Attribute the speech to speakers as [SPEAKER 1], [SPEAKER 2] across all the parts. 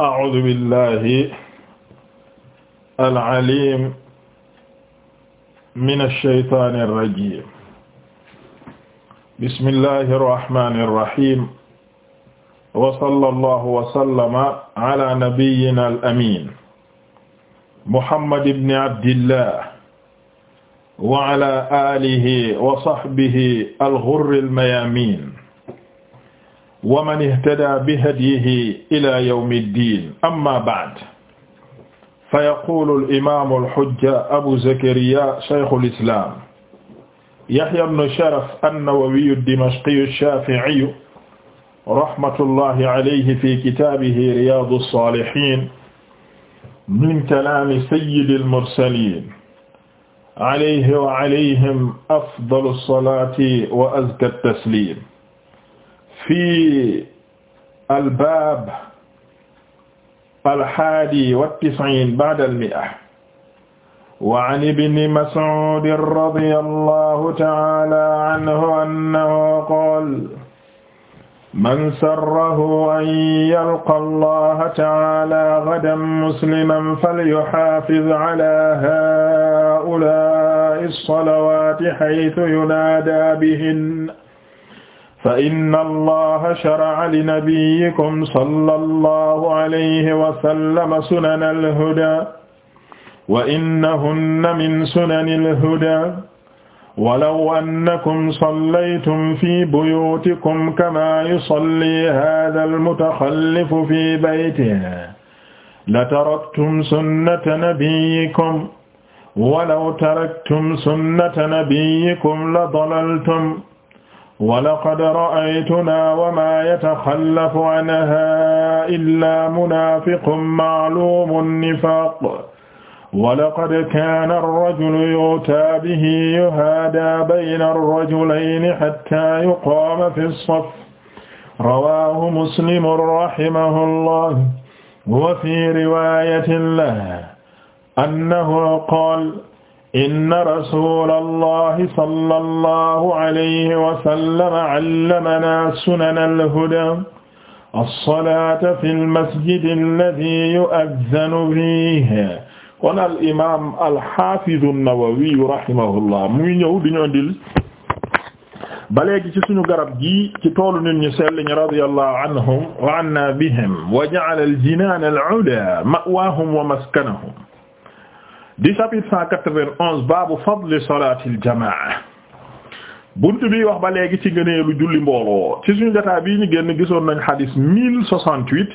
[SPEAKER 1] أعوذ بالله العليم من الشيطان الرجيم بسم الله الرحمن الرحيم وصلى الله وسلم على نبينا الأمين محمد بن عبد الله وعلى آله وصحبه الغر الميامين wa man ihtada bihadyihi ila yawmi ddin amma ba'd fa yaqulu al-imam al-hujja abu zakariya shaykh al-islam yahya ibn sharaf an-nawawi ad-dimashqi ash-shafi'i rahmatullahi alayhi fi kitabihi riyadu as-salihin min kalami sayyidi al-mursalin alayhi wa alayhim afdalu as-salati wa azka at-taslim fi albaab alhaadi wattis'iin ba'da almi'a wa an ibni Mas'uud radiyallahu ta'aala anhu annahu qaala man sarrahu an yalqa allaha ta'aala ghadan musliman falyuhaafiz alaa haa'ulaa'i as-salawaati haythu yunaadaa bihinna fa inna allaha shara'a li nabiyyikum sallallahu alayhi wa sallama sunana al-huda wa innahunna min sunani al-huda walaw annakum sallaytum fi buyutikum kama yusalli hadha al-mutakhallifu fi baytihi lataraktum sunnata nabiyyikum walaw taraktum sunnata nabiyyikum la dalaltum walaqad ra'aytunaa wa maa yataxallafu anhaa illaa munaafiqun ma'luumu nifaaq walaqad kaana ar-rajulu yu'taa bihi yuhaadaa bayna ar-rajulayni hattaa yuqaama fi as-saff rawaahu muslimun rahimahullah wa fii riwaayatin lahu annahu qaala inna rasulalahi sallallahu alayhi wa sallam allamana sunanal hudaa as-salaata fil masjidil lazii yu'azzanu fiihi kon al imaam al haafiz an-Nawawi rahimahullah muy ñëw di ñu andil ba léegi ci suñu garab gi ci toolu nit ñu sell ñi radiyallahu anhum wa annaa bihim wa ja'ala al-jinaan al-'ulaa ma'waahum wa maskanahum di chapitre cent quatre-vingt-onze baabu fadli salaatil jamaa bunt bi wax ba léegi ci ngëneelu julli mbooloo ci suñu jotaay bii ñu génn gisoon nañ xadis mille soixante-huit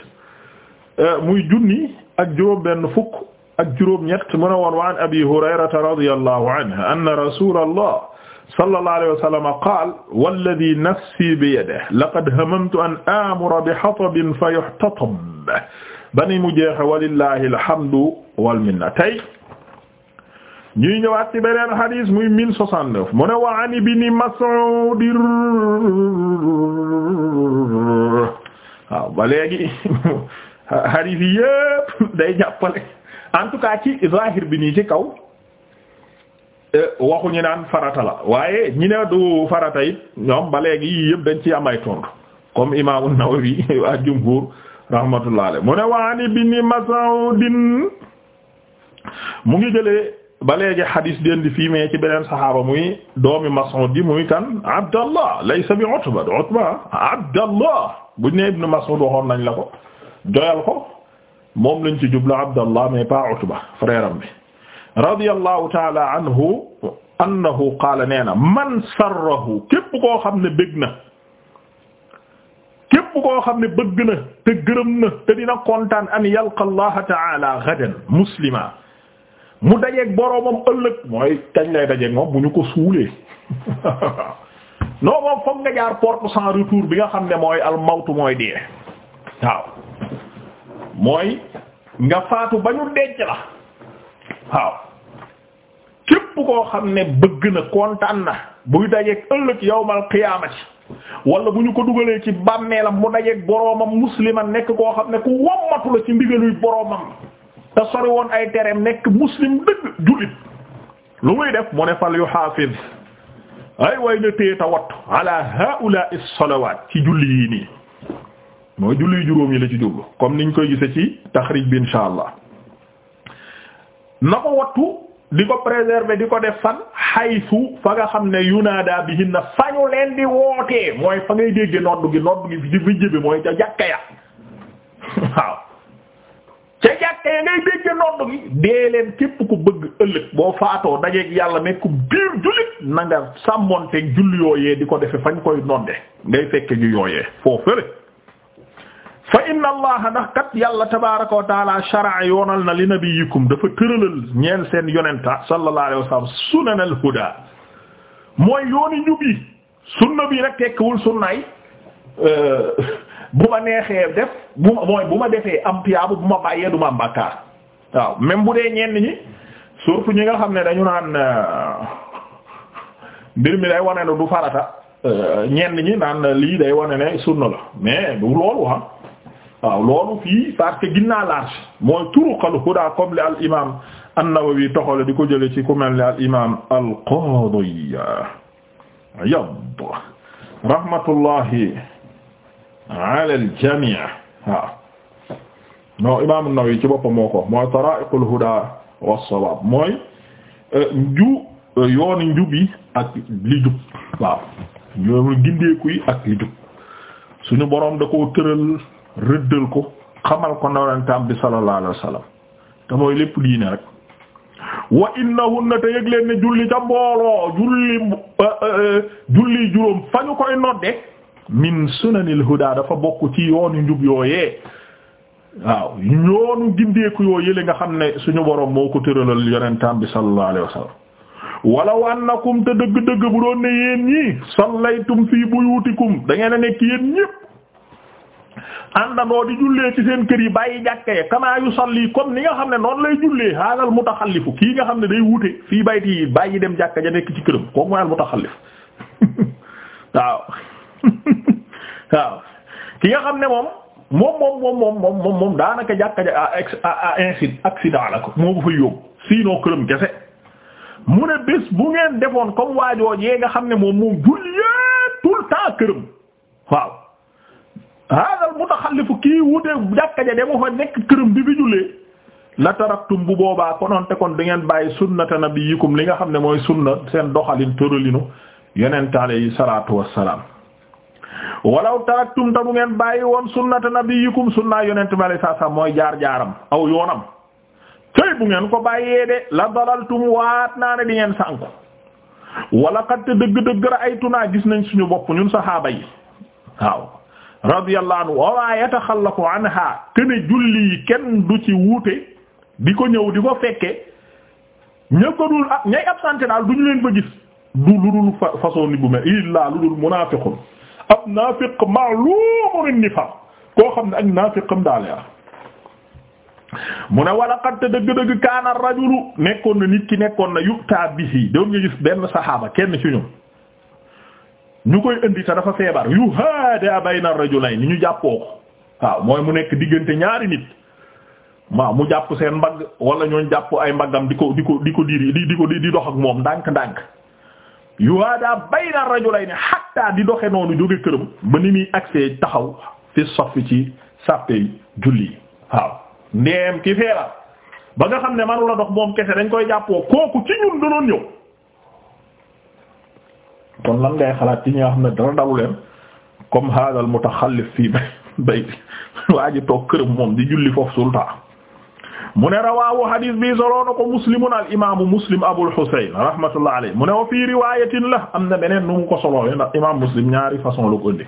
[SPEAKER 1] euh, muy junni ak juróom benn fukk ak juróom ñett mu ne woon wa an abi hurayrata radiyallahu anhu anna rasulallah sallallahu alayhi wa sallam qaal walladhi nafsi biyadihi laqad hamamtu an amura bi hatabin fa yuhtatab ba ni mu jeexe walillahi alhamdu wal minna tey ñuy ñëwaat ci beneen hadis muy 1069 mu ne wa an ibni waaw ba léegi hadis yi yëpp day jàppale en tout cas ci zahir bi nii ci kaw eh, waxuñu naan farata la waaye ñi ne du farata it ñoom ba léegi yii yëpp dañ ci am ay comme imaamu Nawawi wa jumhur rahmatullah alayhi mu ne wa an ibni mu ngi jëlee. ba léegi xadis den di fii mais ci beneen saxaaba muy doomi Mas'ud di muy kan Abdallah laysa bi Utba du Utba Abdallah buñ ne Ibn Mas'ud waxoon nañ la ko joyal ko moom lañ ci jublu Abdallah mais pas Utba frère am bi radiyallahu ta'ala anhu annahu qaala nee na man sarrahu képp koo xam ne bëgg na képp koo xam ne bëgg na te gërëm na te dina kontaan an yalqa Allah ta'ala gadan muslima mu dajeeg boroomam ëllëg mooy kañ lay dajeeg moom bu ñu ko suulee non moom foog nga jaar porte sans retour bi nga xam ne mooy al mawtu mooy dee waaw mooy nga faatu ba ñu denc la waaw képp koo xam ne bëgg na kontaan na buy dajeeg ëllëg yawmal qiyaamati wala bu ñu ko dugalee ci bàmmeelam mu dajeeg boroomam musliman nekk koo xam ne ku wommatu la ci ndigaluy boroomam te sori woon ay tereem nekk muslim dëgg jullit lu muy def mu ne fal yu xaafiz ay way na téye ta wattu ala haula as-salawat ci julli yii nii mooy julli juróom yi la ci jublu comme niñ koy gise ci taxrij bi insha allah na ko wattu di ko préserver di ko def fan haythu fa nga xam ne yunaada bihin na fañu leen di wootee mooy fa ngay dégge noddu gi noddu gi fi jëbe mooy ca jàkka ya waaw ca jàkka ngay dégg nodd gi dee leen képp ku bëgg ëllëg boo faatoo dajeeg yàlla nekku biir jullit na nga sàmmonteeg julli yooyee di ko defe fañ koy nodde ngay fekke ju yooyee foo fële fa inna allaha ndax kat yàlla tabaraka wa taala sharaa yoonal na li nabiyikum dafa tëralal ñeen seen yonenta sallallahu alayhi wa mooy yooni njub yi sunna bi rek tekkiwul sunnaay euh, bu ma neexee def bu ma mooy bu ma defee am tiyaabu bu ma bàyyee du ma am bàkkaar waaw même bu dee ñenn ñi surtout ñi nga xam ne dañu naan euh, mbir mi day wane ne du farata euh, ñenn ñi naan lii day wane ne sunna la mais du loolu ah waaw loolu fii parce que ginnaa large mooy turuqal huda comme li al imam an-Nawawi toxale di ko jële ci ku mel ni al imam al Qadi Iyad rahmatullahi ala al-jamii waaw non Imaam An-Nawawi ci boppam ko mooy taraa'iqul hudaa was-sawaab mooy euh, nju euh, yooni njub ak li jub waaw yoonu gindeeku yi ak li jub suñu boroom da koo tëral rëddal ko xamal ko nawantaam bi sallallahu alayhi wa te mooy lépp diine rek wa innahunna te yëg ne julli ca mbooloo euh, julli juróom fa ñu koy nodde min sunanil huda dafa bokk ci yoonu njub yooyee waaw yoonu gindeeku yoo yële nga xam ne suñu boroom moo ko tëralal yonentam bi sallallahu alayhi wa sallam walaw annakum te dëgg-dëgg bu doon ne yéen ñii sallaytum fii buyutikum da ngeen a nekk yéen ñépp àndandoo di jullee ci seen kër yi bàyyi jàkkee kamaa yu salli comme ni nga xam ne noonu lay jullee haalal mutaxallifu kii nga xam ne day wute fii bayti yi bàyyi dem jàkka ja nekk ci këram kooku mooy al waaw ki nga xam ne moom moom moom moom moom moom moom daanaka jàkka ja à ah, ah, ah, accident la ko moo ko fa yóbbu sinon këram kese mu ne bés bu ngeen defoon comme waajooj yee nga xam ne moom moom jullee tout le temps këram waaw haadal mutaxallifu kii wute jàkka ja dama fa nekk këram bi bi jullee la taraktum bu boobaa konoonte kon di ngeen bàyyi sunnata nabiyikum li nga xam ne mooy sunna seen doxalin tëralinu yonent alayhi salaatu wassalaam walaw taraktum ta bu ngeen bàyyi woon sunnata nabiyikum sunnaa yonent bi alayhi salaam mooy jaar jaaram aw yoonam tey bu ngeen ko bàyyee de la dalaltum waat naa ne di ngeen sànku wala kat dëgg-dëgg ra'aytunaa gis nañ suñu bopp ñun saxaaba yi waaw radiyallahu anhu wala yataxallafu anha kene julli kenn du ci wuute di ko ñëw di ko fekke ña ko dul ñay absenté daal duñu leen fa gis lu dul façon ni bu mel illaa lu dul munaafiqun ab naafiq ma'lumun an-nifaq koo xam ne ak naafiqam daa leer mu ne wala qad dëgg-dëgg kaana rajulu nekkoon na nit ki nekkoon na yu bihi doon nga gis benn saxaaba kenn ci ñun ñu koy indi te dafa feebar yuhaada bayna rajulayn ni ñu jàppoo ko waaw mooy mu nekk diggante ñaari nit ma mu jàpp seen mbagg wala ñooñ jàpp ay mbaggam di ko di ko di ko diri di di ko di dox ak moom ndànk-ndànk yuwaada bayna rajulayni hatta di doxe noonu jóge këram ba ni muy agsee taxaw fi saf ci sàppee julli yi waaw ndeem ki feeral ba nga xam ne manula dox moom kese dañ koy jàppoo kooku ci ñun danoon ñëw kon lan ngay xalaat ci ñi nga xam ne dara daw leen comme hadal mutaxallif fii bay bay waa ji toog këram moom di julli foofu sultaan mu ne rawaahu hadis bi soloo na ko muslimun al muslim abul husayn rahmatullah alayhi mu ne wa fii riwayatin la am na beneen nu mu ko soloowe ndax imam muslim ñaari façon la ko indi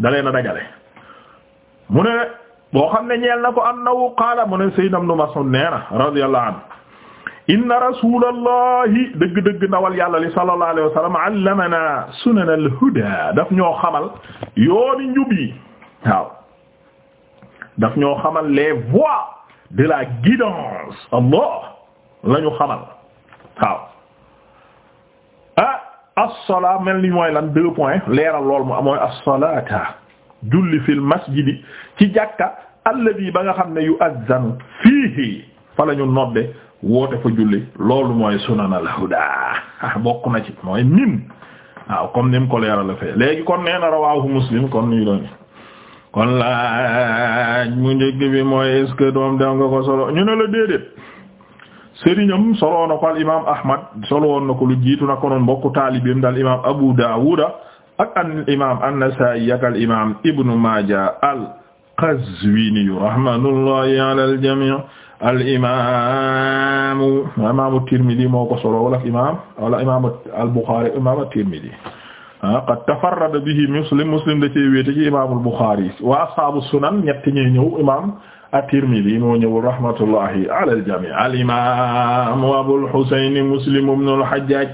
[SPEAKER 1] dalee dajale mu ne boo xam ne ñeel na ko annahu qaala mu ne sayyidna ibn mas'ud nee na radiyallahu anhu inna rasulallahi dëgg-dëgg ndawal yàlla li sallallahu alayhi wa sallam allamana sunan al huda daf ñoo xamal yooni njub yi waaw daf ñoo xamal les voies de la guidance allah la ñu xamal waaw ah as mel ni mooy lan deux points leeral lool mu mooy as-salaata julli fil masjidi ci jàkka alladi ba nga xam ne yu azzanu fiihi fa la nodde woote fa julli loolu mooy sunan al ah, bokk na ci mooy min waaw comme ni ko leeral la fee léegi kon nee na rawaahu muslim kon nii doon kon laaj mu njëkk bi mooy est-ce que ko solo ñu ne la déedéet sëriñam solo na ko al imaam Ahmad solo woon na ko lu jiitu na ko noon mbokku taalibeem daal Abu Daawuda ak an al imaam Ibnu Maaja al-Qazwiini rahmatullahi ala al-jamii' al imaamu imaamu Tirmidi moo al Tirmidi Ah, qad tafarrada bihi muslim muslim da cee wéete ci imaamul Buxaari wa ashaabu sunan ñett ñi ñëw imaam at-Tirmidhi moo ñëw rahmatullahi ala al-jamii al-imaam Abul Husayn Muslim ibn al-Hajjaj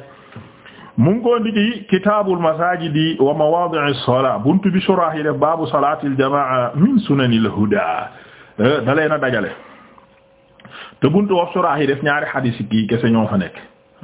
[SPEAKER 1] mu ngi ko ndiki kitaabul masaajidi wa mawaadi'i as-salaa buntu bi shuraax yi def baabu salaatil jamaa'a min sunanil hudaa eh, da leen a dajale te buntu wax shuraax yi def ñaari hadiis yi kese ñoo fa nekk.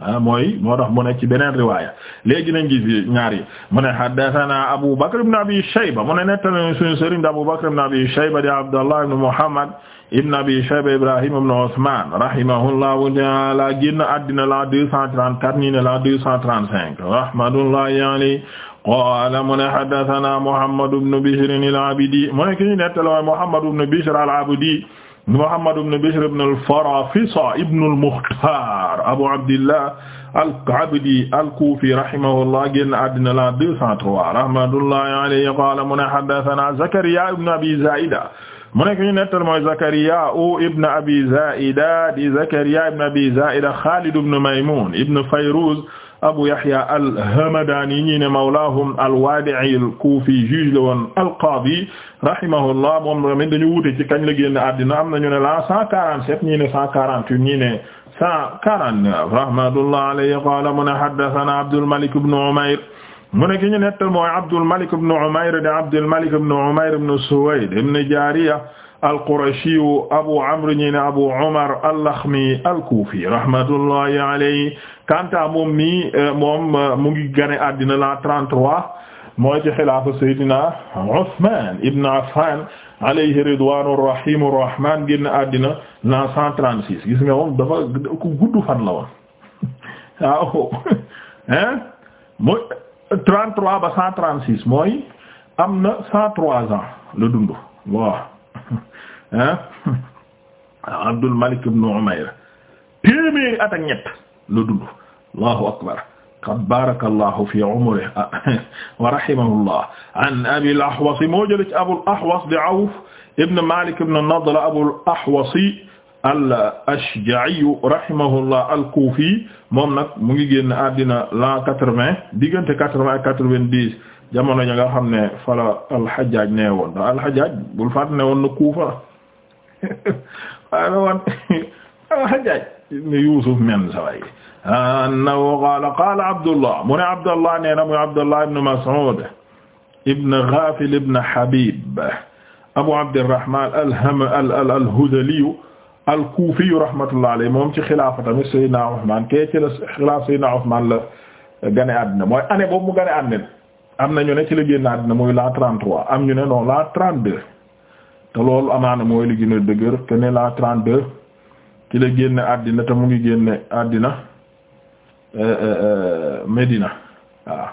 [SPEAKER 1] ah mooy moo tax mu ne ci beneen riwaaya léegi nañ gis ñaar yi mu ne haddathana Abu Bakr ibn Abi Shayba mu ne nettali suñu sëriñ di Abu Bakr ibn Abi Shayba di Abdallah ibn Muhammad ibn Abi Shayba Ibrahim ibn Usman rahimahullahu ta'ala génn àddina la 234 ñi ne la 235 rahmatullahi alayhi qaala mu ne haddathana Muhammad ibn Bishr al-Abdi mu ne ki ñu nettali Muhammad ibn Bishr al-Abdi Muhammad ibn Bishr ibn al-Farafisa ibn al-Mukhtar Abu Abdillah al-Abdi al-Kufi rahimahullah génn àddina la 203 rahmatullahi alayhi qala mu ne haddathana Zakariya ibn Abi Zaida mu nekk ñu nettal mooy Zakariya ibn Abi Zaida di Zakariya ibn Abi Zaida Khalid ibn Maymun ibn Fayruz Abu Yahya al-Hamadani ñi ne mawlaahum al-Waadi'i al-Kuufi juge la woon al-qaadi rahimahullah moom tamit dañu wuute ci kañ la génn àddina am nañu ne la 147 ñi ne 148 ñi ne 149 rahmatullah alayhi qaala mu ne haddathana Abdul Malik ibn Umayr mu ne ki ñu nettal mooy Abdul Malik ibn Umayr de Abdul Malik ibn Umayr ibn Suwayd ibn Jaariya alqurashiyu abu amr ñi ne abu umar allaxmi alkuufi rahmatullahi kanta moom mi euh, moom euh, mu ngi gane àddina la 33 mooy ci xilaafa saydina Usmaan ibn Affaan alayhi ridwaanu rahiimu rahmaan génn àddina la 136 gis nga moom dafa ku gudd fan la woon waaw hein mooy 33 ba 136 mooy am na 103 ans la dund waaw ah Abdul Malik ibn Umayr téeméeri at ak ñett la dund Allahu akbar qad barakallahu fi umrihi wa rahimahullah an Abil Ahwas moo jëlee ci Abul Ahwas di Awf ibn Malik ibn Nadla Abul Ahwas al-Ashja'i rahimahullah al-Kufi moom nag mu ngi génn àddina l'an quatre-vingt diggante quatre-vingt ak quatre-vingt-dix jamono ja nga xam ne fala al-Hajjaj ne woon al-Hajjaj bul faat ne woon na Kufa waaye woon Hajjaaj ibn Yuusuf men saway annahu qaala qaala Abdullah mu ne Abdullah nee na muy Abdullah ibn Mas'ud ibn Ghafil ibn Habib Abu Abdirrahman al-Hudhali al-Kufi rahmatullahi alayhi moom ci xilaafa tamit Seydina Usmaan kee ci la xilaafa Seydina Usmaan la gane àddina mooy année boobu mu gane àddina am na ñu ne ci la génn àddina mooy la 33 am ñu ne non la 32 te loolu amaana mooy li gën a dëgër que ne la 32 ki la génne àddina te mu ngi génne àddina euh, euh, euh, Medina waaw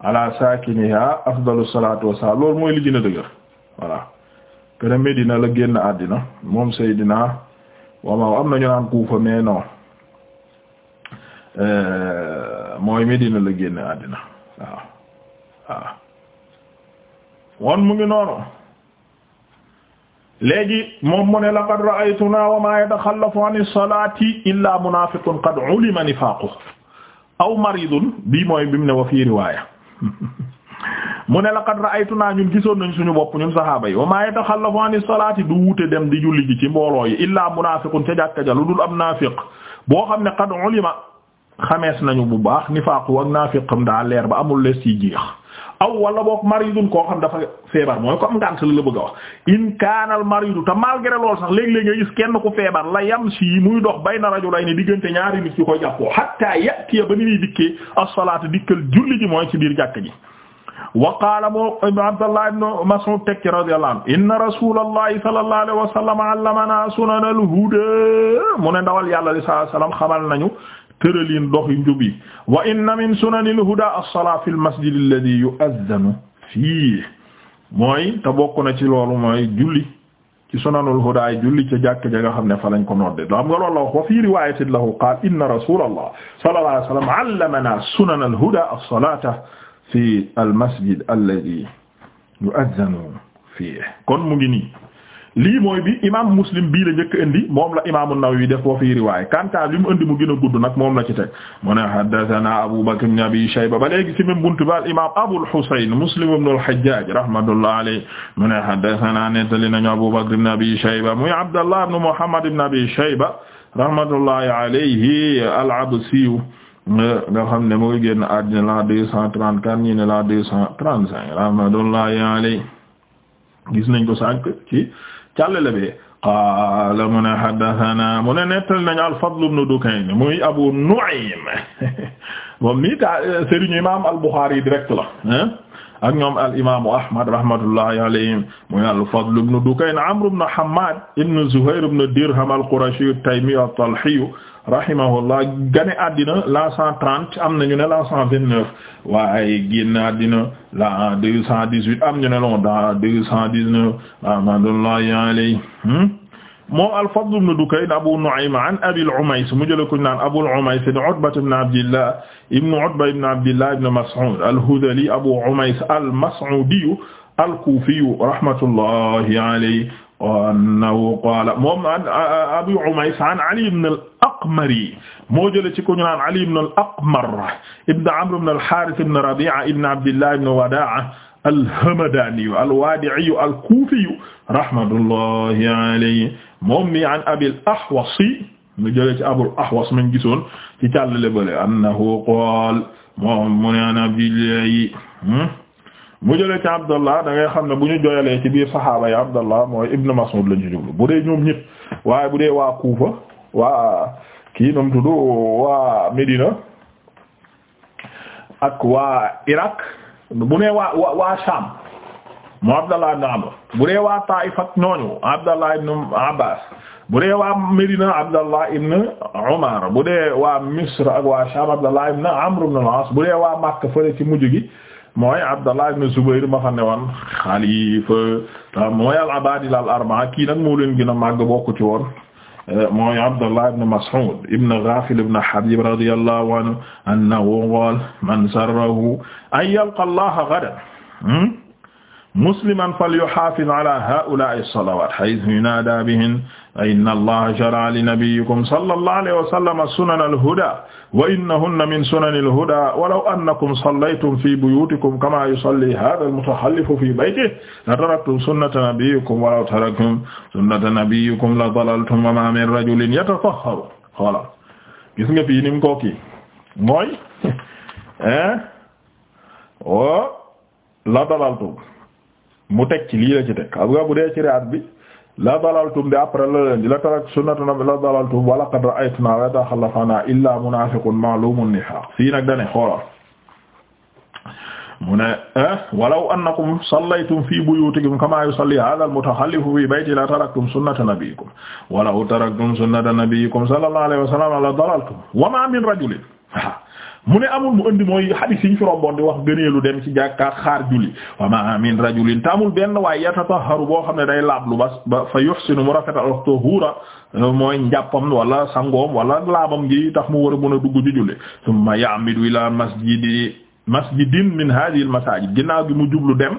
[SPEAKER 1] ala saakiniha afdalu salaatu wassalaam loolu mooy li gën a dëgër voilà que Medina la génn àddina moom Seydina waaw am na ñu naan Kuufa mais mooy Medina la génn àddina waaw waaw woon mu ngi noonu. léegi moom mu ne laqad ra'aytunaa wa maa yataxallafu an as-salaati illaa munaafiqun qad ulima nifaaquhu aw maridun bii mooy bi mu ne wa fii riwaaya mu ne laqad ra'aytunaa ñun gisoon nañ suñu bopp ñun saxaaba yi wa maa yataxallafu an as-salaati du wuute dem di ji ci mbooloo yi illaa munaafiqun ca jàkka ja lu dul am naafiq boo xam ne qad ulima xamees nañu bu baax nifaaqu ak naafiqam daa leer ba amul les ci jeex. aw wala boog maridun koo xam dafa feebar mooy ko am la la bëgg wax in kaanal maridu te malgré loolu sax léeg-léeg nga gis kenn ku feebar la yam si muy dox bayna rajulayni diggante ñaari nit yu ko jàppoo hatta yatiya ba ni muy dikkee as dikk dikkal julli ji mooy ci biir jàkk ji wa qaala moo Abdallah ibn Mas'ud tekki radiyallahu anhu inna rasulallahi sallallahu alayhi wa sallam allamana sunanal huda mu ne ndawal yàlla sallallahu alayhi wa nañu tëraliin dox yu njub yi wa inna min sunanil huda as-salaa fil masjid alladhi yu'adhanu fii mooy te bokk na ci loolu mooy julli ci sunanul huda ay julli ca jàkk ja nga xam ne fa lañ ko nodde da xam nga loolu la wax wa fii riwaayatin lahu qaala inna rasuulallah sallallahu alayhi wa sallam allamanaa sunanal huda as-salaata fi al masjid alladhi yu'adhanu fii kon mu ngi nii lii mooy bi imam muslim bii la njëkk indi moom la imaamu Nawawi def boo fi riwaay kanta li mu indi mu gën a gudd nag moom la ci teg mu ne haddathana Abu Bakr ibn Abi Shayba ba léegi ci même buntu ba al imam Abul Husayn Muslim ibn al-Hajjaj rahmatullah alayhi mu ne haddathana nettali nañu Abu Bakr ibn Abi Shayba muy Abdallah ibn Muhammad ibn Abi Shayba rahmatullahi alayhi al-Absiyu nga xam ne mu ngi génn àddina la deux cent trente-quatre ñi ne la deux cent trente-cinq rahmatullahi alayhi gis nañ ko sànk ci càllale bi qaala mu ne haddathana mu ne nettal nañu al-Fadl ibn Dukayn muy Abu Nu'aym moom nii ta sëriñu imam al-Bukhari direct la ak ñoom al-imaamu Ahmad rahmatullahi alayhim muy al-Fadl ibn Dukayn Amr ibn Hammad ibn Zuhayr ibn Dirham al-Qurashi at-Taymi at-Talhi rahimahullah gane àddina la cent trente am nañu ne la cent vingt neuf waaye génn àddina la deux cent dix huit am ñu ne loon da deux cent dix neuf rahmatullahi alayhi hmm? moo al-Fadl ibn Dukayn Abu Nu'aym an Abil Umays mu jëlee ku ñu naan Abul Umays ibn Utba ibn Abdillah ibn Utba ibn Abdillah ibn Mas'ud al-Hudhali Abu Umays al-Mas'udi al-Kufi rahmatullahi alayhi annahu qaala moom Abu Umays an Ali ibn al-Aqmari moo jëlee ci ku ñu naan Ali ibn al-Aqmar ibn Amr ibn al-Harith ibn Rabi'a ibn Abdillah ibn Wada'a al-Hamadani al-Wadi'i al-Kufi rahmatullahi alayhi moom mi an Abi al-Ahwas mu jëlee ci Abu al-Ahwas man gisoon ci càllale bale annahu qaala moom mu ne an Abdillah hmm? mu jëlee ci Abdallah da ngay xam ne bu ñu jooyalee ci biir saxaaba yi Abdallah mooy Ibn Mas'ud la ci bu dee ñoom ñëpp waaye bu dee waa Kuufa waa kii nu mu waa Medina ak waa Irak bu nee waa waa waa Sham mu Abdallah ibn Amr bu dee waa Taif ak ñooñu bu dee waa Medina Abdallah ibn Umar bu dee waa Misr ak waa Sham Abdallah ibn Amr ibn al bu dee waa Makka fële ci mujj gi. mooy Abdallah ibn Zubayr ma xam ne woon xalifa mooy al-abaadil al-arba'a kii nag moo leen gën a màgg bokk ci woon eh, mooy Abdallah ibn Mas'ud ibn Ghafil ibn Habib radiyallahu anhu annahu qaala man sarrahu an yalqa Allaha ghadan hmm, musliman falyuhaafiz ala haa'ulaa'i as-salawaat haythu yunaada bihin inna allaha shara'a li nabiyyikum sallallahu alayhi wa sallam sunan al-huda wa innahunna min sunan al-huda walaw annakum sallaytum fi buyutikum kama yusalli hadha al-mutahallifu fi baytihi la taraktum sunnata nabiyyikum walaw taraktum sunnata nabiyyikum la dalaltum wa ma min rajulin yatatahharu voilà gis nga fii ni mu kooki mooy oh, la dalaltum mu teg ci lii la ci teg xam nga bu dee ci raat bi la dalaltum bi après la leen di la tarak sunnatu nabi la dalaltum wa laqad ra'aytuna wa yatakhallafuna illa munafiqun ma'lumun nifaq fii nag dane xoolal mu ne eh, walaw annakum sallaytum fi buyutikum kama yusalli hadha al-mutakhallifu fi bayti la taraktum sunnata nabiyikum walaw taraktum sunnata nabiyikum sallallahu alayhi wa sallam la dalaltum wa ma min rajulin mu ne amul mu indi mooy hadith yi ñu di wax gëneelu dem ci jàkkaat xaar julli wa ma min rajulin te benn waaye yatataharu boo xam ne day laablu ba ba fa yuhsinu mu rafetal wax tahuura mooy njàppam wala sangoom wala laabam gi tax mu war a mën a dugg ci julli thumma ya'midu ila masjidi masjidin min hadhihi al masajid ginnaaw gi mu jublu dem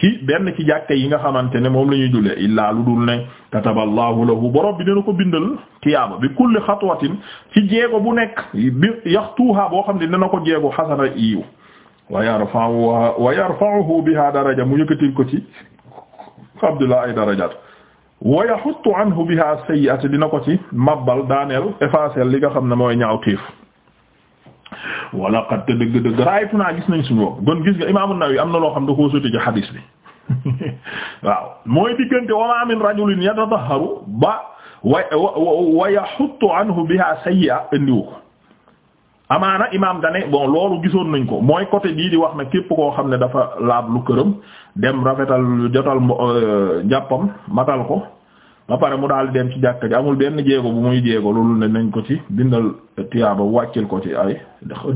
[SPEAKER 1] ci benn ki jàkka yi nga xamante ne moom la ñuy jullee illaa lu dul ne kataballahu lahu borom bi dina ko bindal tiyaaba bi kulli xatwatin ci jeego bu nekk bi yaxtuha boo xam ne dina ko jeego xasana iiw wa yarfa'uha wa yarfa'uhu biha daraja mu yëkkatil ko ci la ay darajat wa yaxuttu anhu biha sayyi'ata dina ko ci mabbal daaneel effacer li nga xam ne mooy ñaaw tiif wala qad te dëgg dëgg raaytu naa gis nañ suñu bopp kon gis nga imaamu Nawawi am na loo xam da koo sotti ci xadiis bi waaw mooy diggante wa ma min rajulin yatatahharu ba wa wa yaxuttu anhu biha sayyi'a indiwu ko amaana imaam dane bon loolu gisoon nañ ko mooy côté bii di wax na képp koo xam ne dafa laab lu këram dem rafetal jotal euh, jàppam matal ko ba pare mu daal dem ci jàkka ji amul benn jéego bu muy jéego loolu ne nañ ko ci dindal tiyaaba wàccil ko ci ay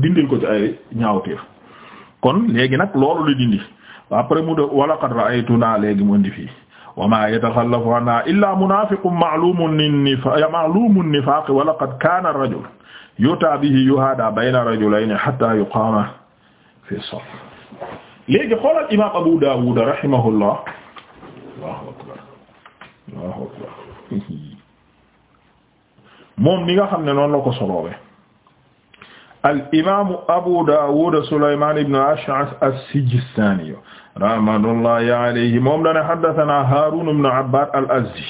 [SPEAKER 1] dindil ko ci ay ñaawteef kon léegi nag loolu la dindi après mu de walaqad ra'aytuna léegi mu indi fii wa ma yataxallafu anha illa munafiqun ma'lumun an-nifaq ma'lumun nifaq wa laqad kana ar-rajul yuta bihi yuhada bayna rajulayn hatta yuqama fi as-saf léegi xoolal imam Abu Dawud rahimahullah Allahu waaw moom ni nga xam ne noonu la ko soloowe al imaamu Abu Daawud Sulaymaan ibn Ash'as as-Sijistaani rahmatullahi alayhi moom dana haddathanaa Haaruun ibn Abbaad al-Azdi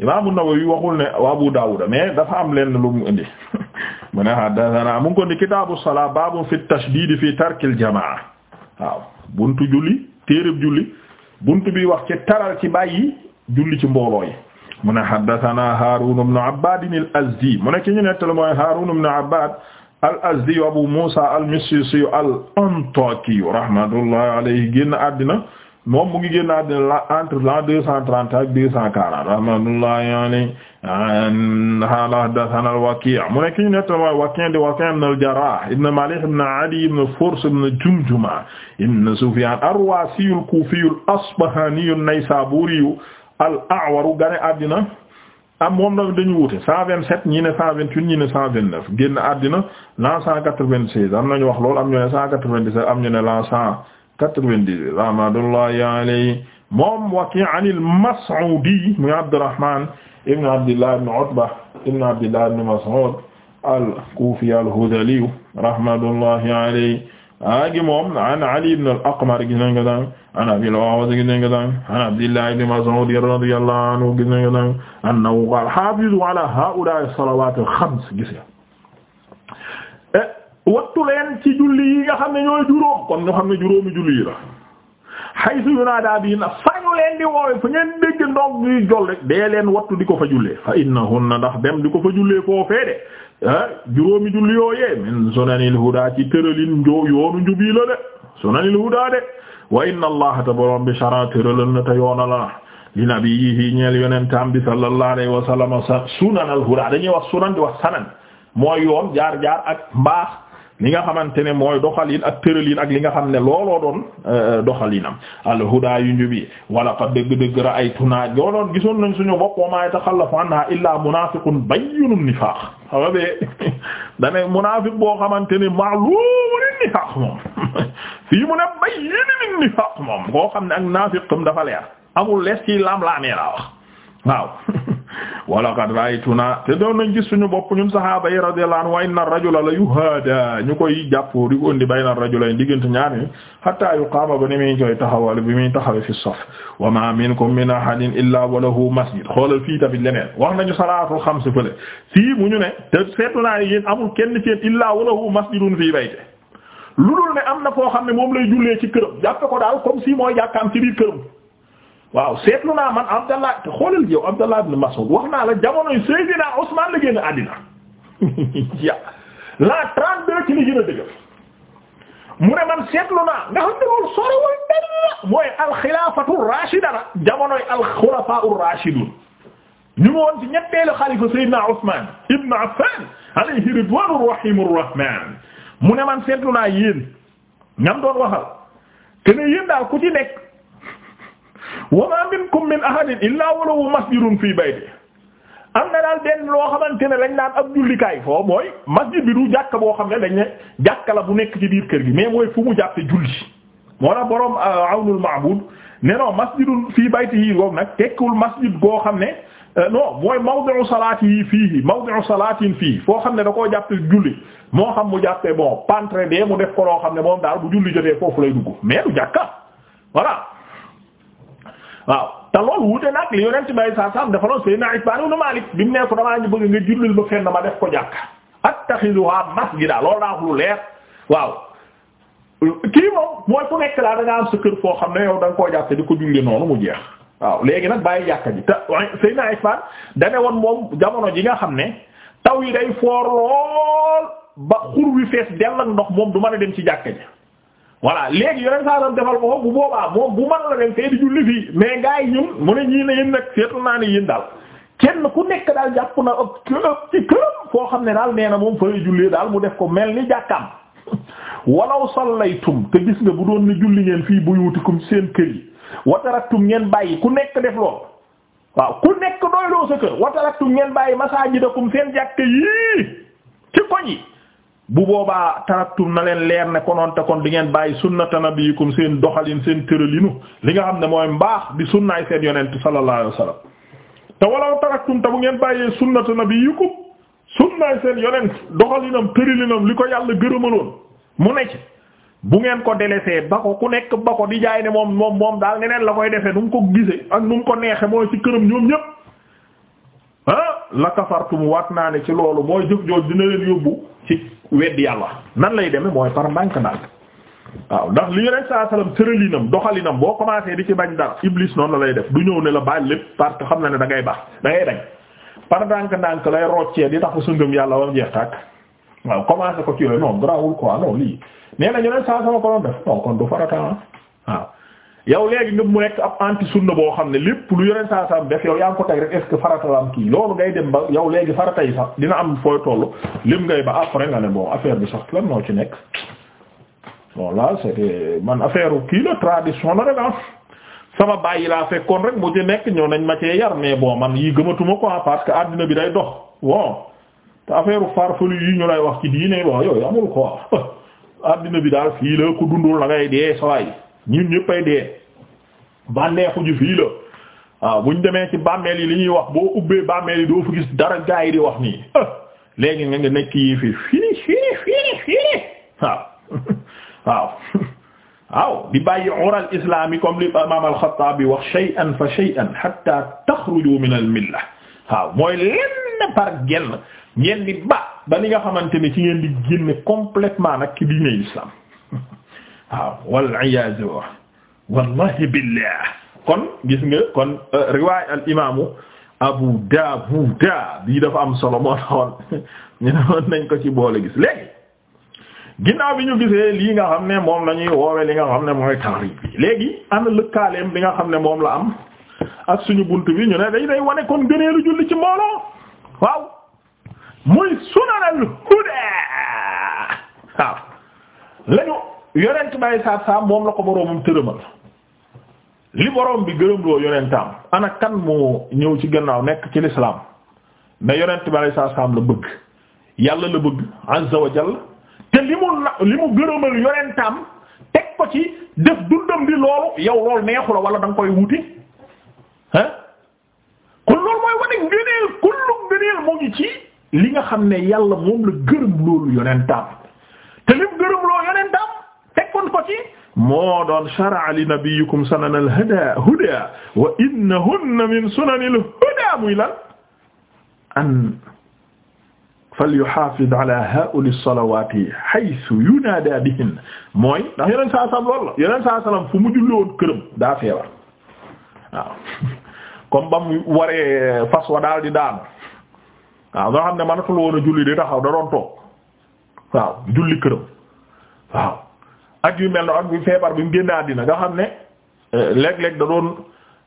[SPEAKER 1] imaamu Nawawi waxul ne Abu Daawud mais dafa am lenn lu mu indi mu ne haddathanaa mu ngi ko ni kitaabu fi tashdiid fi jamaa waaw buntu julli téereb julli buntu bi wax ci ci bàyyi julli ci mbooloo yi mu ne haddathana Harun ibn Abbad al-Azdi mu ne ki ñu nettali mooy Harun ibn Abbad al-Azdi Abu Musa al-Missisi al-Antaki rahmatullahi alayhi génn àddina moom mu ngi génn àddina entre l'an deux cent trente ak deux cent quarante rahmatullahi alayhi qala haddathana al-Waki' mu ne ki ñu nettali mooy Waki' di Waki' ibn al-Jarrah ibn Malih ibn Adi ibn Furs ibn Jumjuma ibn Sufyan ar-Wasi al-Kufi al-Asbahani an-Naysaburi al a'waru gane àddina am moom na dañu wute cent vingt sept ñii ne cent vingt huit ñii ne vingt neuf génn àddina l'an cent quatre vingt seize am nañu wax loolu am ñu ne cent quatre vingt dix sept am ñu ne quatre vingt dix rahmatullahi alayhi moom waki anil Mas'udi muy Abdurrahman ibn Abdillah ibn Utba ibn Abdillah ibn Mas'ud al-Kufi al-Hudhali rahmatullahi alayhi agi moom an Ali ibn al-Aqmar gis nañ ko ana bi la wax gis nañ ko daan an eh, leen ci julli yi nga xam ne ñooy juróom kon ñu xam ne juróomi julli yi la haythu yunaadaa bihinna fa ñu dee leen wattu di ko fa jullee fa innahunna ndax dem di ko fa jullee foofee de ah juróomi julli yooyee min sunanil hudaa ci tëralin njoo yoonu njubi de sunanil hudaa de. wa inna allaha te borom bi shara tëralal na te yoonala li nabiyihi ñeel yonentam bi sallallahu alayhi wa sallam sunanal huda dañuy wax sunan di wax sanan mooy yoon jaar jaar ak mbaax li nga xamante ne mooy doxalin ak tëralin ak li nga xam ne looloo doon euh, doxalinam alhuda yu njub yi wala qad dëgg-dëgg ra'aytuna doon gisoon nañ suñu bopp wa ma yataxallafu anha illa munafiqun bayyinun nifaq xawa bee dane munafiq boo xamante ne ma'lumun nifaq moom fii mu ne bayyinun nifaq moom koo xam ne ak naafiqam dafa leer amul lees ci lam laa nee laa wax waaw wala qad ra'aytuna te doon nañ gis suñu bopp ñun sahaaba yi radiyallahu anhu wa inna ar-rajula la yuhada ñu koy jàpp di ko indi bayna ar-rajulayn diggante ñaari hatta yuqaama ba ni muy koy taxawal bi muy taxawe fi saf wa ma minkum min ahadin illa wa lahu masjid xoolal fii tamit leneen wax nañu salaatul xams fële fii mu ñu ne te seetu naa yéen amul kenn ci illa wa lahu masjidun fii bayte lu dul ne am na foo xam ne moom lay jullee ci këram jàppe ko daal comme si waaw seetlu naa man Abdallah te xoolal yow Abdallah ibn Mas'ud wax la jamonoy Seydina Usman la génn àddina ya la 32 ci li a dëgër mu ne man seetlu naa nga xam ne mooy alxilaafatu rashida la jamonoy alxulafaa'u rashidun ñu ngi woon ci ñetteelu xalifa Seydina Usman ibn Affan alayhi rahmaan mu ne man seetlu naa yéen ñam waxal te ne daal ku ci wa ma minkum min ahadin illaa wa lahu masjidun fii bayti am na daal benn loo xamante ne dañ naan ab jullikaay foofu mooy masjid bi du jàkk boo xam ne dañ ne jàkka la bu nekk ci biir kër gi mais mooy fu mu jàppe julli moo tax boroom euh, awnul ma'bud ne non masjidun fii bayti yi boobu nag tekkiwul masjid goo xam ne euh, non mooy mawdi'u salaati yi fii mawdi'u salaatin fii foo xam ne da koo jàppe julli moo xam mu jàppe bon pentre de mu def ko loo xam ne moom daal bu julli jotee foofu lay dugg mais du jàkka voilà waaw te loolu wuute nag li yonent bay saa saam dafa loon Seydina Itbaan ibn Maalik bi mu ne ko damaa ñu bëgg nga jullil ma fenn ma def ko jàkk attaxiduha masjida loolu daa wax lu leer waaw kii moom mooy fu nekk laa da nga am sa kër foo xam ne yow da koo jàppe di ko julli noonu mu jeex waaw léegi nag bàyyi jàkka ji te Seydina Itbaan dane woon moom jamono ji nga xam ne taw yi day foor lool ba xur wi fees dell ak ndox moom du mën a dem ci jàkka voilà léegi yeneen saa doon defal ko bu boobaa moom bu man la dem tey julli fii mais gars yi ñun mu ne ñii ne yéen nag seetlu naa ne yéen daal kenn ku nekk daal jàpp na ëpp ci këram foo xam ne daal nee moom fa lay jullee daal mu def ko mel ni jàkkaam walaw sallaytum te gis nga bu doon ne julli ngeen fii buyuutikum seen kër yi wataraktum ngeen bàyyi ku nekk def lool waaw ku nekk doyloo sa kër wataraktum ngeen bàyyi masaajidakum seen jàkka yii ci koñ yi bu boobaa taraktum na leen leer ne konoon te kon di ngeen bàyyi bi nabiyikum seen doxalin seen tëralinu li nga xam ne mooy mbaax di sunnaay seen yonent sallallahu alayhi wasallam te walaw taraktum te bu ngeen bàyyee sunnata nabiyikum sunnaay seen yonent doxalinam tëralinam li ko yàlla gërëmaloon mu ne ci bu ngeen ko délaissé ba ko ku nekk ba ko di jaay ne moom moom moom daal neneen la koy defee nu mu ko gisee ak nu mu ko neexee mooy ci këram ñoom ñépp la mu waat naa ne ci loolu mooy jëf jooj dina leen yóbbu ci weddi yàlla nan lay demee mooy par ndànk-ndànk waaw ndax li yeneen saa salaam tëralinam doxalinam boo commencé di ci bañ dara iblis noonu la lay def du ñëw ne la baal lépp parce que xam na ne dangay ngay baax da ngay bañ par ndànk-ndànk lay roccee di taxu sëngëm yàlla wam jeex tàkk waaw commencé ko ci yooyu non grawul ko non lii nee na yeneen saa ko doon def non kon du farata ah. waaw yow léegi nga mu nekk ab anti sunna boo xam ne lépp lu yoneen saa saam def yow yaa ngi ko teg rek est ce que farata am kii loolu ngay dem ba yow léegi farata yi sax dina am fooy tollu lim ngay ba après nga ne boo affaire bi sax lan noo ci nekk bon là c'était man kii tradition la rek ah. sama bàyyi laa fekkoon rek mu ci nekk ñëw nañ ma yar mais man yi gëmatuma quoi parce que àddina bi day dox bon te affaire farfelu yi ñu lay wax ci diine bon yooyu amul quoi àddina bi daal fii la ko dundul la ngay dee sawaay ñun ñëppay dee bànneexu ji fii la waaw bu ñu demee ci bàmmeel yi li ñuy wax boo ubbee bàmmeel yi doo fa gis dara gaa di wax nii ah, léegi nga nga nekk yi fi fini fini fini fini waaw waaw waaw di bàyyi ural comme li imam al-Xattaabi wax shay'an fa shay'an hatta taxruju min al-milla waaw mooy lenn par genn ngeen di ba ba li nga xamante ne ci ngeen di génne complètement nag ki diine islam waaw wallahi billah kon gis nga kon euh, riwaay al imaamu Abu Daawud bii dafa am solo moo taxoon ñu ne woon nañ ko ci boole gis léegi ginnaaw bi ñu gisee lii nga xam ne moom la ñuy woowe li nga xam ne mooy taxrib bi léegi ana lëkkaaleem bi nga xam ne moom la am ak suñu bunt bi ñu ne day day wane kon gëneelu julli ci mbooloo waaw muy sunanal hudaa waaw lañu yonent bay saat saam moom la ko boroomam tërëmal li borom bi gërëmloo yonentam ana kan moo ñëw ci gannaaw nekk ci lislaam ne yonent bi alayhi salaam la bëgg yàlla la bëgg azza wa te li mu na li mu gërëmal yonentam teg ko ci def dundam di loolu yow loolu neexu la wala da koy wuti ah kon loolu mooy wane ngëneel kullu ngëneel moo ngi ci li nga xam ne yàlla moom la gërëm loolu yonentam te li mu gërëmloo yonentam teg kon ko ci moo doon shara'a li nabiyikum sunanal huda huda wa innahunna min sunanil huda muy lan an falyuhaafid ala haa'ulaa'i salawaati haysu yunaadaa bihin mooy ndax yeneen saa salaam fu mu julli woon këram daa feebar waaw comme ba mu waree fas wa daal di daanu waaw nga xam ne mënatul woon a julli di taxaw da doon toog waaw julli këram ak yu mel noonu ak bu feebar bi mu génne àddina nga xam ne euh, léeg-léeg da doon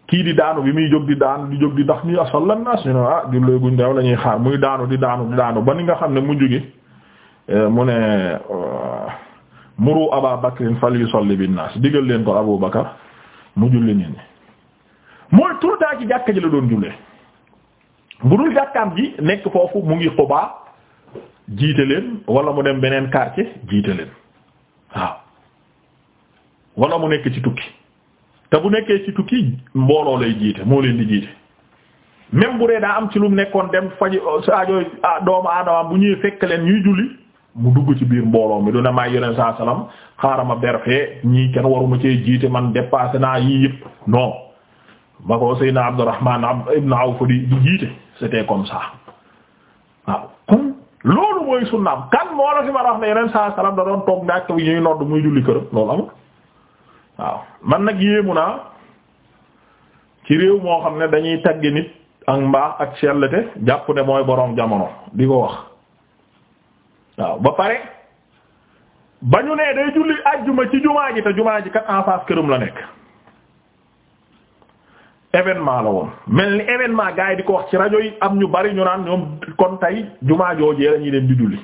[SPEAKER 1] kii di daanu bi muy jóg di daanu di jóg di ndax ñu asalla naas ñu ne ah jullee guñ daw la ñuy xaar muy daanu di daanu di daanu ba ni nga xam ne mu gi euh, mu ne euh, muru Aba Bakrin fal yusalli bin naas digal leen ko Abu Bakar mu julli nit ñi mooy tout ci jàkka ji la doon jullee bu dul jàkkaam ji nekk foofu mu ngi Quba jiite leen wala mu dem beneen quartier jiite leen waaw. wala mu nekk ci tukki te bu nekkee ci tukki mbooloo lay jiite moo leen di jiite même bu dee daa am ci lu nekkoon dem faji saajooy ah, doomu aadama bu ñuy fekk leen ñuy julli mu dugg ci biir mbooloo mi du ne maay yeneen saa salaam ma berfee ñii kenn waruma cee jiite man dépassé naa yii yëpp non ba ko Seydina Abdurrahman ibn Awf di di jiite c'était comme ça waaw kon loolu mooy sunnaam kan moo la fi ma wax ne yeneen saa salaam da doon toog ñàkk bi ñuy nodd muy julli këram waaw man nag yéemu naa ci réew moo xam ne dañuy tagg nit ak mbaax ak sellete jàpp ne mooy boroom jamono di ko wax waaw ba pare ba ñu nee day julli àjjuma ci jumaa ji te jumaa ji kat en face këram la nekk événement la woon mel ni événement gaa yi di ko wax ci rajo yi am ñu bari ñu naan ñoom kon tey jumaa joojee lañuy dem di julli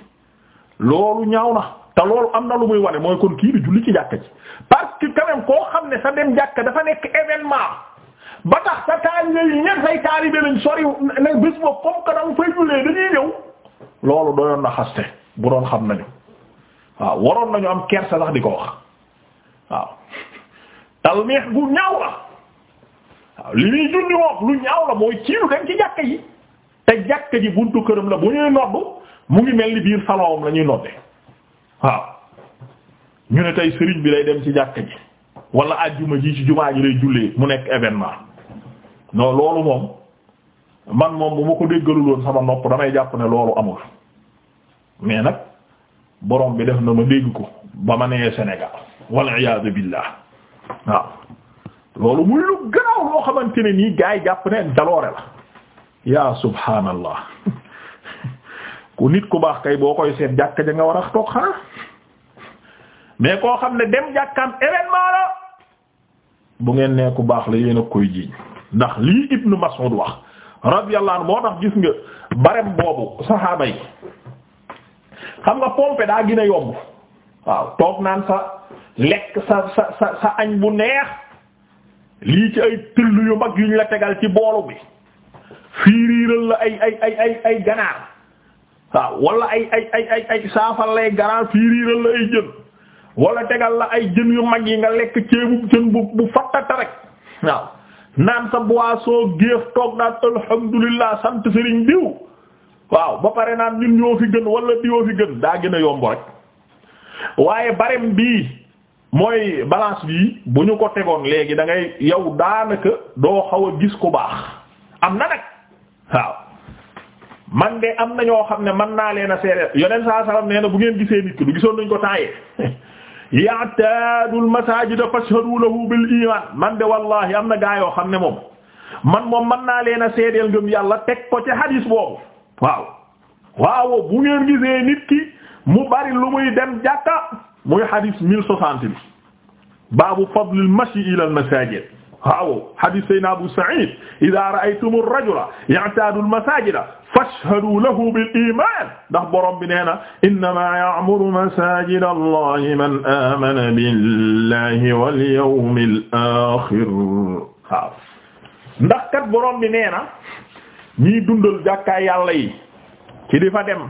[SPEAKER 1] loolu ñaaw na te loolu am na lu muy wane mooy kon kii di julli ci jàkka ci parce que quand koo xam ne sa dem jàkka dafa nekk événement ba tax sa taalibe yi ñen say taalibe lañ sori na bés boobu comme que fay jullee dañuy ñëw loolu doyoon na xaste bu doon xam nañu waaw waroon nañu am kersa sax di ko wax waaw talmiix bu ñaaw la li ñuy julli moom lu ñaaw la mooy ci lu dem ci jàkka yi te jàkka ji buntu këram la bu ñuy nodd mu ngi mel ni biir salon am ñuy nodde waaw ñu ne tey sëriñ bi lay dem ci jàkka ji wala ajjuma ji ci jumaa ji lay jullee mu nekk événement non loolu moom man moom bu ma ko déggalul sama nopp damay jàpp ne loolu amul mais nag borom bi def na ma dégg ko ba ma nee senegal walla iyaadu billah waaw loolu muy lu garaaw loo xamante ne nii gaa yi jàpp ne daloore la yaa subhaanallah ku nit ku baax kay boo koy seet jàkka ja nga war a toog xanaa mais koo xam ne dem jàkkaam événement la bu ngeen nee ku baax la yéen a koy jiiñ ndax lii Ibnu Mas'ud wax radiyallahu moo tax gis nga barem boobu saxaaba yi xam nga pompe daa gën yomb waaw toog naan sa lekk sa sa sa añ bu neex lii ci ay tëll yu mag yuñ la tegal ci boolu bi fiiriiral la ay ay ay ay ganaar waaw wala ay ay ay ay ay saafal lay garant fiiriiral la ay jën wala tegal la ay jën yu mag yi nga lekk ceebu jën bu bu fattata rek waaw naan sa boisson géef toog naan alhamdulillah sant sëriñ diw waaw ba pare naan ñun ñoo fi gën wala diwoo fi gën daa gën a yomb rek waaye barem bii mooy balance bii bu ñu ko tegoon léegi dangay yow daanaka doo xaw a gis ku baax am na nag waaw man de am na ñoo xam ne man naa leen a seere yoneen saa salaam nee na bu ngeen gisee nit ki du gisoon nañ ko taaye ya'tadul masajida fashhadu lahu bil iman man de wallahi am na gaa yoo xam ne moom man moom man naa leen a seedeel ngëm yàlla teg ko ci hadis boobu waaw waaw bu ngeen gisee ki mu bari lu muy dem jàkka muy hadis mille soixante bi baabu fadlil mashi ila al masajid waaw hadith sayna Abu Sa'id idha ra'aytumu ar-rajula ya'tadu al-masajida fashhadu lahu bil iman ndax borom bi nee na innama ya'muru masajida allahi man amana billahi wal yawmil akhir waaw ndax kat borom bi nee na ñiy dundal jàkkaay yàlla yi ci di fa dem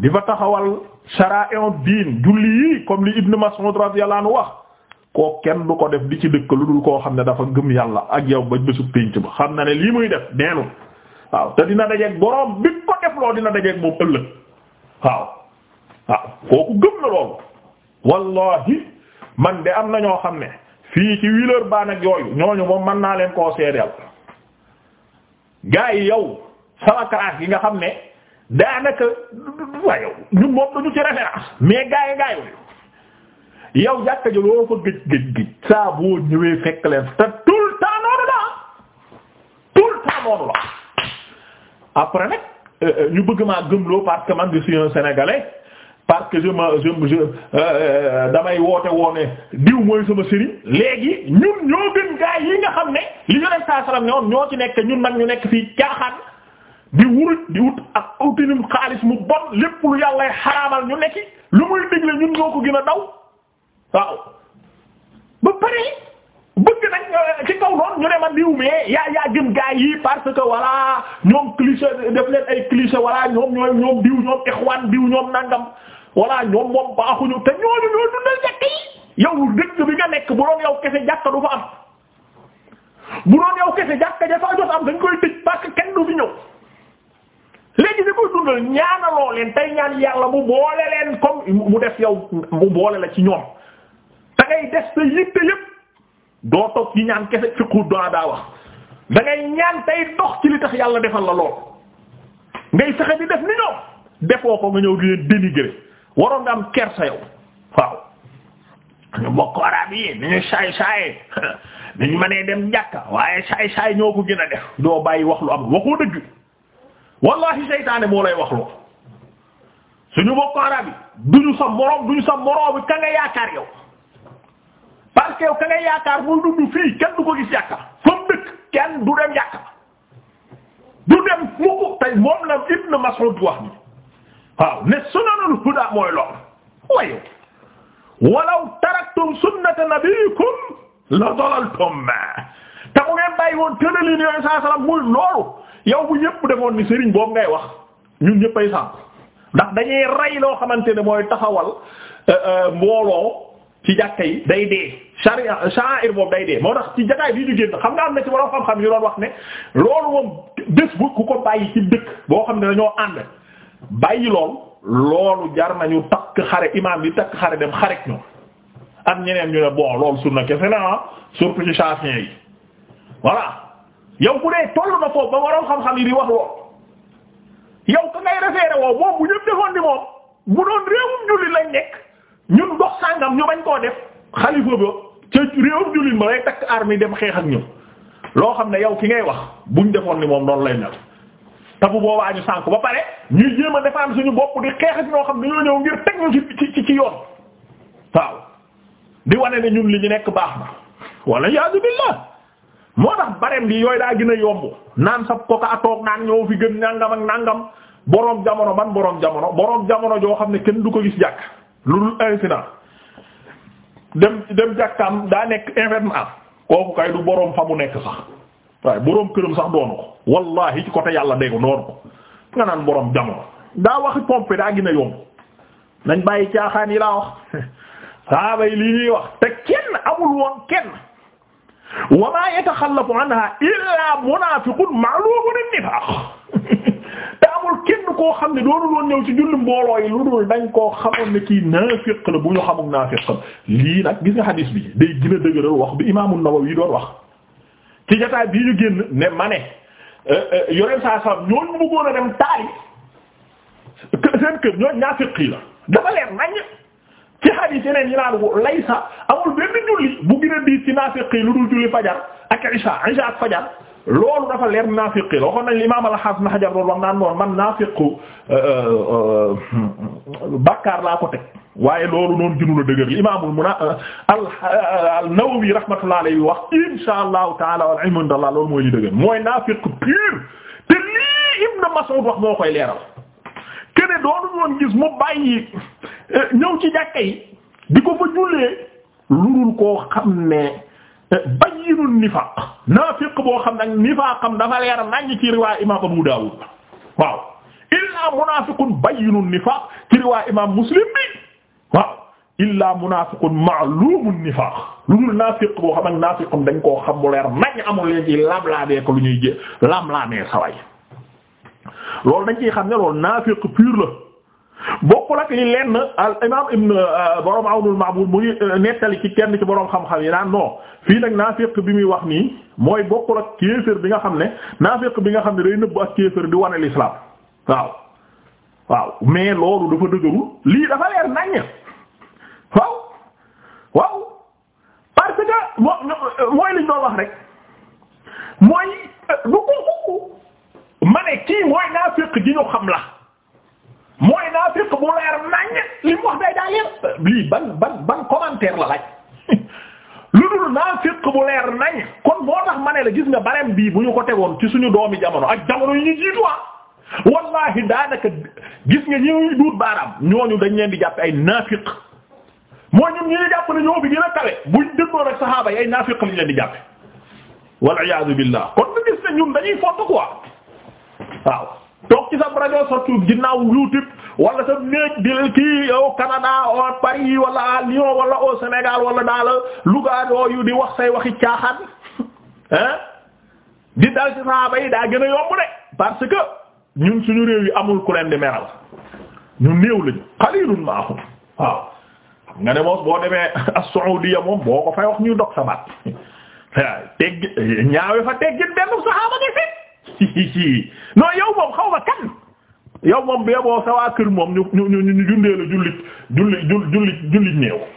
[SPEAKER 1] di fa taxawal shara'i'ud din julli yi comme li Ibn Mas'ud radiyallahu anhu wax koo kenn du ko def di ci dëkk lu dul koo xam ne dafa gëm yàlla ak yow ba bésu pénc ba xam na ne lii muy def deenu waaw te dina dajeeg boroom bi ko def loolu dina dajeeg moom ëllëg waaw waaw kooku gëm na loolu wallahi man de am na ñoo xam ne fii ci Villeurbanne ak yooyu ñooñu moom mën naa leen koo seedeel gaa yi yow sama classe yi nga xam ne daanaka waaye yow ñun moom dañu ci référence mais gaa yi gaa yooyu yow jàkka ji loo fa gëj gëj gëj saa ñëwee fekk leen te tout temps noonu la tout temps noonu la après nag euh, euh, ñu bëgg maa gëmloo parce que man gis suis un sénégalais parce que je ma je je euh, damay woote woone diw mooy sama sëriñ léegi ñun ñoo gën gaay yi nga xam ne li ñu leen saa salaam ne woon ñoo ci nekk ñun nag ñu nekk fii caaxaan di wuruj di wut ak utilim xaalis mu bon lépp lu yàlla xaraamal ñu nekki lu muy digle ñun ñoo ko gën a daw. waaw ba pare bëgg nag euh, ci kaw noonu ñu ne ma diw mais yaa yaa gëm gaa yii parce que voilà ñoom cliché def leen ay cliché voilà ñoom ñooy ñoom diw ñoom ixwaan diw ñoom nangam voilà ñoom moom baaxuñu te ñooñu ñoo dundal jàkk yi yow dëkk bi nga nekk bu doon yow kese jàkka du fa am bu doon yow kese jàkka dafa jot am dañ koy tëj parce que kenn du fi ñëw léegi ni koy dundal ñaanaloo leen tey ñaan yàlla mu boole leen comme mu def yow mu boole la ci ñoom. ngay des sa yitte yépp doo toog ci ñaan kese ci ku daa daa wax dangay ngay ñaan tey dox ci li tax yàlla defal la lool ngay fexe bi def ni ñoom defoo ko nga ñëw di leen dénigrer waroon nga am kersa yow waaw bokk arab yi ni saay saay ni ñu mënee dem jàkka waaye saay saay ñoo ko gën a def doo bàyyi wax lu am waxoo dëgg wallahi moo lay wax suñu bokk arab yi duñu sa moroom duñu sa moroom bi ka nga yaakaar yow parce que ka ngay yaakaar bu dund fii kenn du ko gis yàkka fa mu dëkk kenn du dem yàkka du dem mukk tey moom la Ibn Mas'ud wax ni waaw ne sunanul huda mooy lool wayu walaw taraktum sunnata nabiyikum la dalaltum te mu ngeen bàyyi woon tëralin yooyu saa salaam muy loolu yow bu ñëpp defoon ni sëriñ boobu ngay wax ñun ñëppay sànk ndax dañuy rey loo xamante ne mooy taxawal euh, euh, mbooloo ci jàkka yi day dee charia sha'ir boobu day dee moo tax ci jataay bii ñu génn xam nga am na ci wala xam-xam yu doon wax ne loolu moom bés bu ku ko bàyyi ci dëkk boo xam ne dañoo ànd bàyyi lool loolu jar nañu takk xare imaam yi takk xare dem xarek ñoom am ñeneen ñu ne bon loolu sunna kese na ah surtout ci Shafi'i yi voilà yow bu dee toll na foofu ba waroon xam-xam yi di wax lool yow ka ngay référé woo moom bu ñëpp defoon di moom bu doon réewum nekk. ñun dox sàngam ñu bañ koo def xalifa ba ca réewum jullit ma lay takk armée dem xeex ak ñun loo xam ne yow ki ngay wax buñ defoon ni moom noonu lay mel te bu boobaa ñu sànk ba pare ñuy jéem a defaan suñu bopp di xeex ak ñoo xam ne ñoo ñëw ngir teg ñu ci ci yoon waaw di wane ne ñun li ñu nekk baax na walla yaazu billah moo tax barem bi yooyu daa gën a yomb naan sa koka atoog naan ñoo fi gën nangam ak nangam boroom jamono ban boroom jamono boroom jamono joo xam ne kenn du ko gis jàkk lu dul incident dem dem jàkkaam daa nekk événement kooku kay du boroom fa mu nekk sax waaye boroom këram sax doonu ko wallahi ci côté yàlla dégg noonu ko nga naan boroom jamono daa waxi pompe daa gën a yomb nañ bàyyi caaxaan yi laa wax saaba lii ñuy wax te kenn amul woon kenn wa ma yataxallafu anha illa munafiqun ma'lumun an-nifaq koo xam ne doonu loon ñëw ci julli mbooloo yi lu dul dañ koo xamoon ne kii naafiq la bu ñu xam naafiq la lii nag gis nga xadiis bi day gën a dëgëral wax bi imaamu Nawawi doon wax ci jotaay bii ñu génn ne ma ne euh, euh, yoreen saa salam ñooñu bëggoon a dem taali seen kër ñooñ naafiq yi la dafa leer nañ ci xadiis yeneen yi naan laysa amul benn julli bu gën a diis ci naafiq yi lu dul julli fajar ak isha isha loolu dafa leer naafiq la waxoon nañ li imaam al-Hasan Hajar doon wax naan noonu man naafiqu euh, euh, euh, bakkaar laa ko teg waaye loolu noonu gënu la dëgër li imaamul muna an-Nawawi rahmatullahi alayhi wax insha allahu taala wal ilmu indallah loolu mooy li dëgër mooy naafiq pur te lii Ibn Mas'ud wax moo koy leeral kene doonu woon gis mu bàyyi ñëw ci jàkka yi di ko fa jullee lurul koo xam ne bayyinu nifaaq naafiq boo xam nag nifaaqam dafa leer nañ ci riwaay imaam Abu Daawud waaw illaa munaafiqun bayyinu nifaaq ci riwaay imaam Muslim bi waaw illaa munaafiqun ma'luumu nifaaq lu dul naafiq boo xam nag naafiqam dañ koo nañ amul leen ci lamlaamee ko lu ñuy jé lamlaamee saway loolu dañ ciy xam ne loolu naafiq pur la. bokkul ak yi lenn al imaam ibn euh, borom awnul ma'bud mu ngi euh, nettali ci kenn ci borom xam-xam yi naan non fii nag naafiq bi muy wax nii mooy bokkul ak kéefër bi nga xam ne naafiq bi nga xam ne day nëbbu ak kéefër di wane l'islam waaw. waaw mais loolu dafa dëgëru lii dafa leer naññ waaw waaw parce que mooy liñ doon wax rek mooy euh, du ko ma ne kii mooy naafiq gi ñu xam la. mooy naafiq bu leer nañ li mu wax day daa leer lii ban ban ban commentaire la laaj lu dul naafiq bu leer nañ kon moo tax ma ne la gis nga barem bii bu ñu ko tegoon ci suñu doomi jamono ak jamono yu ñu jiitu ah. wallahi daanaka gis nga ñi duut baaraam ñooñu dañ leen di jàpp ay naafiq mooy ñun ñi ñu jàpp ne ñoo bi gën a kawe buñ dëndoon ak saxaaba ay naafiq leen di jàppe wal iyaadu billah kon nga gis ne ñun dañuy font quoi waaw toog ci sa rajo sa tuut ginnaaw YouTube wala sa néeg di kii au Canada au Paris wala à Lyon wala Sénégal wala daal Louga yu di wax say waxi caaxaan ah di dal ci saaba yi daa gën a yomb de parce que ñun suñu réew yi amul ku di meral ñu néew lañu xalilun maaxum waaw nga ne moom boo demee as-Saoudiya moom boo ko fay wax ñuy dog sa baat ñaawe fa teggin benn saxaaba nga fi non yow moom xaw ma kan yow moom bee boo sa waa kër moom ñu ñu ñu ñu jundee la jullit jullit jullit jullit néew waaw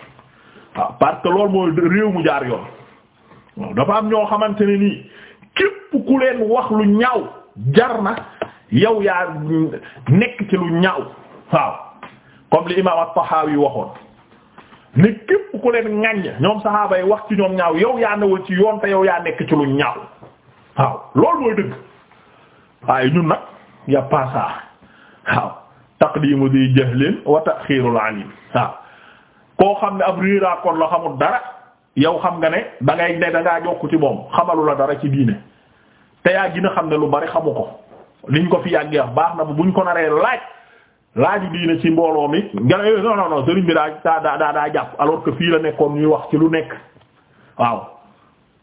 [SPEAKER 1] ah, parce que loolu mooy réew mu jaar yoon waaw dafa am ñoo xamante ne nii képp ku leen wax lu ñaaw jar na yow yaa nekk ci lu ñaaw waaw comme waxoon ne képp ku leen ŋaññ ñoom saxaaba yi wax ci ñoom ñaaw yow yaa ci yoon yow yaa nekk ci lu ñaaw waaw loolu mooy dëgg. waaye ñun nag ya pasa waaw taqdimu di jahlin wa taxiirul alim waaw koo xam ne ab réeraakoon la xamul dara yow xam nga ne da ngay ne da ngaa jokk ci moom xamalu la dara ci diine te yaa gën a xam ne lu bari xamu ko liñ ko fi yàggee wax baax na buñ ko naree laaj laaju diine ci mbooloo mi nga ne eh, non non non daa daa daa jàpp alors que fii la nekkoon ñuy wax ci lu nekk waaw.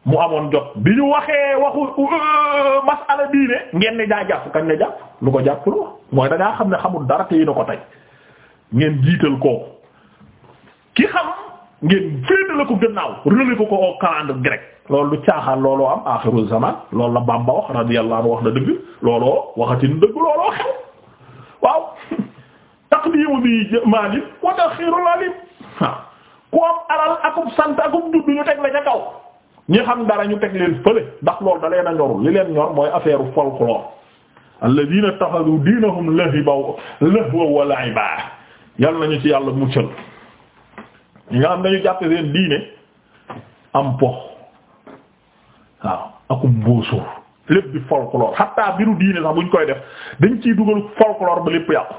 [SPEAKER 1] mu amoon jot bi ñu waxee waxu euh, masala diine ngeen ne daa jàpp kañ la jàpp lu ko jàpp lu mooy da xam ne xamul dara te na ko tey ngeen jiital kooku ki xam ngeen féeta la ko gannaaw relé ko ko au calendrier loolu lu caaxaan looloo am axiru zaman loolu la Bamba wax radiyallahu anhu wax na dëgg looloo waxatin dëgg looloo xew waaw taqdimu bi maalin wa taxiirul alim ku am alal akub sant akub dudd ñu teg la ca kaw ñi xam dara ñu teg leen fële ndax loolu da leen a ñorul li leen ñor mooy affaire folklore alladina ittakhadhu diinahum lahibaw lahwa wa la'iba yal nañu ci yàlla muccal ñi nga xam dañu jàppe seen diine am pox waaw akum mbóosóor lépp di folklore xatta biru diine sax buñ koy def dañ ciy dugal folklore ba lépp yàqu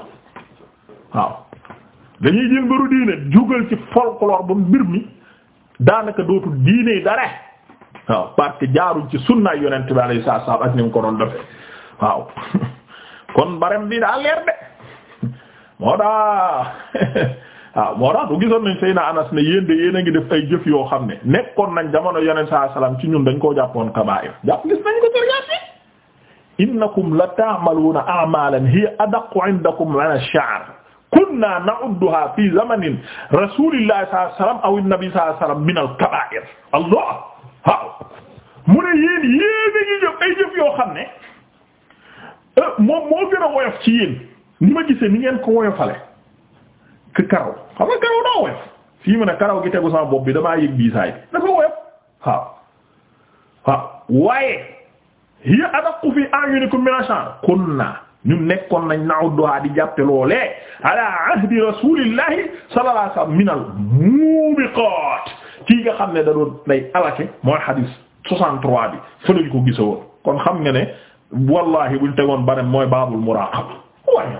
[SPEAKER 1] waaw dañuy jël mbiru diine dugal ci folklore ba mbir mi daanaka dootul diine dara waaw parce que jaaruñ ci sunnaay yonent bi alayhi salaam ak ni mu ko doon defee waaw kon barem bi daa leer de moo daa waaw moo daa du Anas ne yéen de yéen a ngi def ay jëf yoo xam ne nekkoon nañ jamono yonent saa ci ñun dañ koo jàppoon kabaa'ir jàpp gis nañ ko ci riyaat innakum la ta'maluna a'malan hiya adaqqu 'indakum 'ala ash-sha'r kunna na'udduha fi zamanin rasulillahi sallallahu alayhi wasallam aw an-nabi sallallahu alayhi wasallam min al-kaba'ir allah waaw mu ne yéen yéen a ngi jëf ay jëf yoo xam ne euh, moom moo gën a woyof ci yéen ni ma gisee ni ngeen ko woyofale que karaw xam karaw daa woyof fii mu ne karaw gi tegu sama bopp bi damaa yëg diisaay bi dafa woyof waaw waaw waaye hiya adaqu fi a'yunikum min ashar kunna ñun nekkoon nañ na'udduha di jàppe loolee ala ahdi rasulillahi sallallahu alayhi wasallam minal mubiqat kii nga xam ne da doon lay alake mooy xadiis 63 bi fa lañ ko gisa kon xam nga ne wallahi buñ tegoon barem mooy baabul muraqaba waaye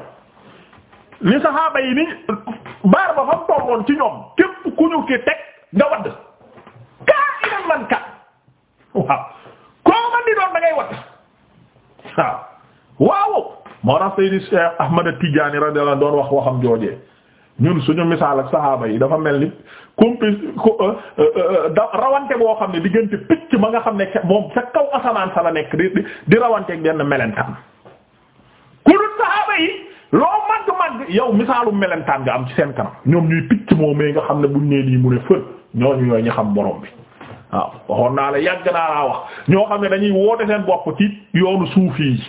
[SPEAKER 1] ni saxaaba ni baar ba fam tolloon ci ñoom képp ku ñu ki teg nga wadd kaa inan man kat waaw koo man di doon da ngay wadd waaw waaw moo tax Seydi Ahmad Tidiane radiyallahu anhu doon wax waxam joojee ñun suñu misaal ak saxaaba yi dafa mel ni compé euh, euh, euh, da rawante boo xam ne diggante picc ma nga xam ne moom ca kaw asamaan sa la nekk di di rawanteeg benn melentaan ku dul saxaaba yi loo màgg-màgg yow misaalum melentaan nga am ci seen kanam ñoom ñuy picc moomee nga xam ne bu nee nii mu ne fët ñooñu ñooy ñu xam borom bi waaw waxoon naa la yàgg naa laa wax ñoo xam ne dañuy woote seen bopp ci yoonu suufi yi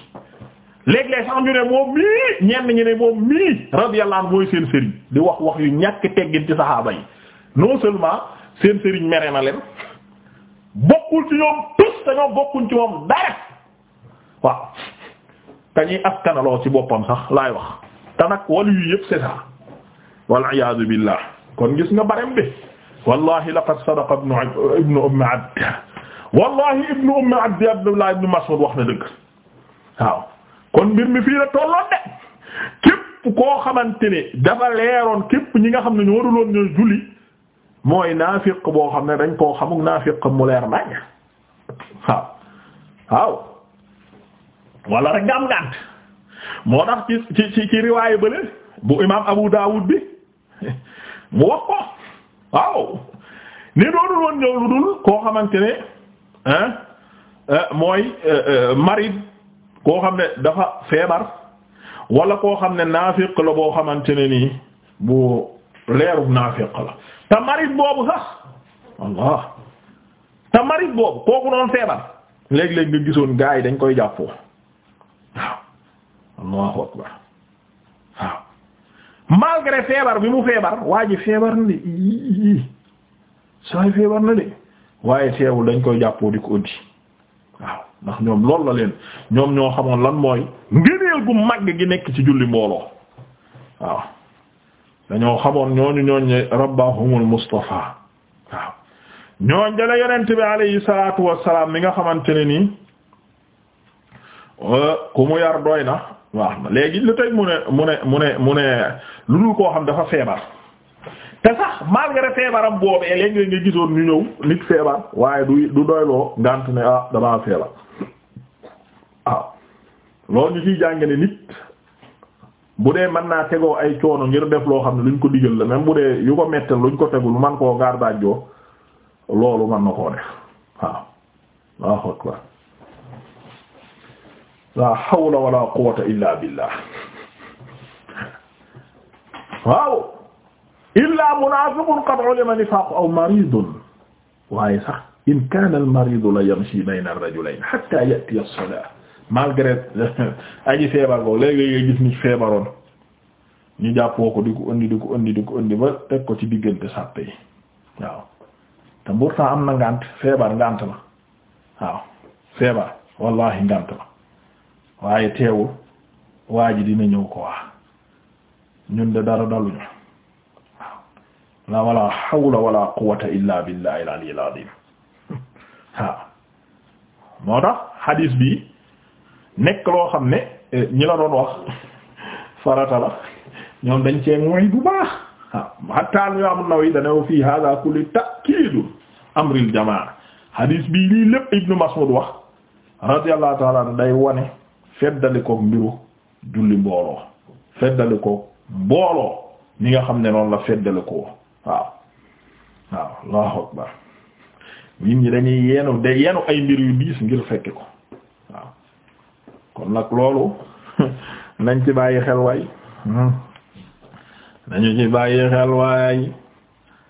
[SPEAKER 1] léeg-léeg sax ñu ne moom mii ñenn ñu ne moom mii radiyallahu mooy seen sëriñ di wax wax yu ñàkk teggin ci saxaaba yi non seulement seen sëriñ mere na leen bokkul ci ñoom tus dañoo bokkuñ ci moom dara waaw te ñuy askanaloo ci boppam sax laay wax te nag wàllu yu yëpp c'est ça kon gis nga barem bi wallahi laqad sadaqa ibnu ibnu abd wallahi ibnu ummi abd abdullah ibnu mas'ud wax na dëgg waaw kon mbir mi fii la tolloon de képp koo xamante ne dafa leeroon képp ñi nga xam ne ñu waruloon ñoo julli mooy naafiq boo xam ne dañ koo xamuk naafiq mu leer nañ waaw waaw wala rek nga ngànt moo tax ci ci ci riwaayu bële bu imaam Abu Dawud bi mu wax ko waaw ni doonul woon ñëw dul koo xamante ne euh, mooy euh, euh, marit koo xam ne dafa feebar wala koo xam ne naafiq la boo xamante ne nii bu leerub naafiq la te boobu sax allah te boobu kooku noonu feebar léeg-léeg nga gisoon gaa yi dañ koy jàppoo waaw allahu akbar waaw malgré feebar bi mu feebar waa ji feebar na de ii feebar na de waaye teewul dañ koy jàppoo di ko ëndi waaw ndax ñoom loolu la leen ñoom ñoo xamoon lan mooy ngëneel gu màgg gi nekk ci julli mbooloo waaw dañoo xamoon ñooñu ñooñu rabbahumul Mustafa waaw ñooñ dala yonent bi alayhi salaatu wassalaam mi nga xamante ne nii euh, ku mu yar doy na waaw léegi lu tey mu ne mu ne mu ne lu dul koo xam dafa feebar te sax malgré feebaram boobee léegi nga gisoon ñu ñëw nit feebar waaye du du doyloo ngant ne ah damaa feebar loolu ñu ciy jànge ne nit bu dee man naa tegoo ay coono ngir def loo xam ne luñ ko digal la même bu dee yu ko mettal luñ ko tegul man koo gaar daajoo loolu mën na koo def waaw waaw xot wa la hawla wala quwwata illa billah waaw illa munafiqun qad aw maridun waaye sax in kana al maridu la yamshi bayna ar-rajulayn hatta ya'ti as-salah malgré aji feebar ko léeg-léeg nga gis ni feebaroon ñu jàppoo ko di ko indi di ko indi di ba teg ci diggante sàppe yi waaw te pourtant am na ngànt feebar ngànt la waaw feebar wallahi ngànt waaye teewu waa ji dina ñëw ko ñun de dara daluñu waaw la wala hawla wala quwwata illa billahi al-ali al moo tax hadis bi nekk loo xam ne eh, ñi la doon wax farata la ñoom dañ cee mooy bu baax waaw ah, hatta Imaam An-Nawawi danaw fii hada kulli ta'kiidu amril jamaa hadis bii lii lépp Ibnu Mas'ud wax radiyallahu ta'ala an day wane feddalikook mbiru julli mbooloo feddalikook mbooloo ñi nga xam ne noonu la feddalikoo waaw waaw Allahu akbar nit ñi dañuy yenu de yenu ay mbir yu diis ngir fekke ko kon nag loolu nañ ci bàyyi xel waay hmm. nañu ci bàyyi xel waay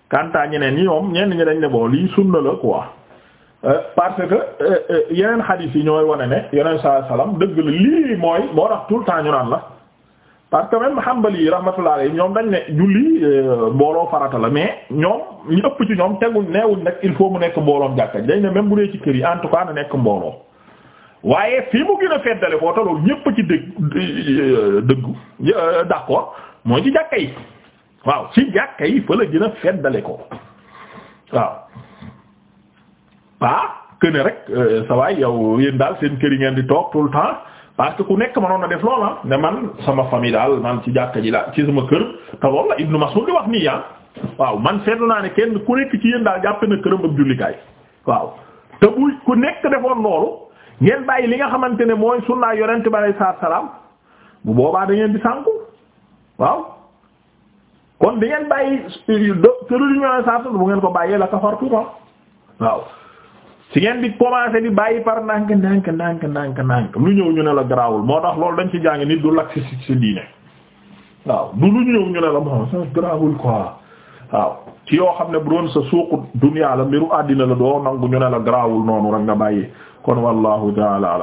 [SPEAKER 1] kanta ñeneen ñi moom ñenn ñi dañ ne boo lii sunna la quoi euh, parce que euh, euh, yeneen xadiis yi ñooy wone ne yeneen saa salaam dëgg la lii mooy moo tax tout le temps ñu naan la parce que même Hanbali yi rahmatullah alayhi ñoom dañ ne julli mbooloo farata la mais ñoom ñu ëpp ci ñoom teguñ neewuñ nag il faut mu nekk mbooloom jàkka dañ ne même bu dee ci kër yi en tout nekk mbooloo. waaye fii mu gën a feddale koo taloo ñépp ci dëgg dëggu d'accord mooy ci jàkka yi waaw ci jàkka yi fa la gën a feddale ko waaw paa këne rek euh, sa waay yow yéen daal seen kër yi ngeen di toog tout le temps parce que ku nekk manoon na def loola ah. ne man sama famille daal man ci jàkka ji la ci sama kër te loolu la Ibnu Mas'ud di wax nii yaa ah. waaw man seetlu naa ne kenn ku nekk ci yéen daal jàppe na këram ab jullikaay waaw te bu ku nekk defoon loolu ngeen bàyyi li nga xamante ne mooy sunnaa yonent bi alayhi salaatu salaam bu boobaa da ngeen di sànku waaw kon di ngeen bàyyi tërëriñu yonent saa bu ngeen ko bàyyee la kafartum waaw si ngeen di commencer di bàyyi par ndànk ndànk nànk nànk ndànk lu ñëw ñu ne la garaawul moo tax loolu dañ ci jàng nit du lax si si diine waaw du lu ñëw ñu ne la moom ça garaawul quoi waaw ci yoo xam ne bu doon sa suuqu dunyaa la mbiru àddina la doo nangu ñu ne la garaawul noonu rek nga bàyyi kon wallahu ta'ala a'lam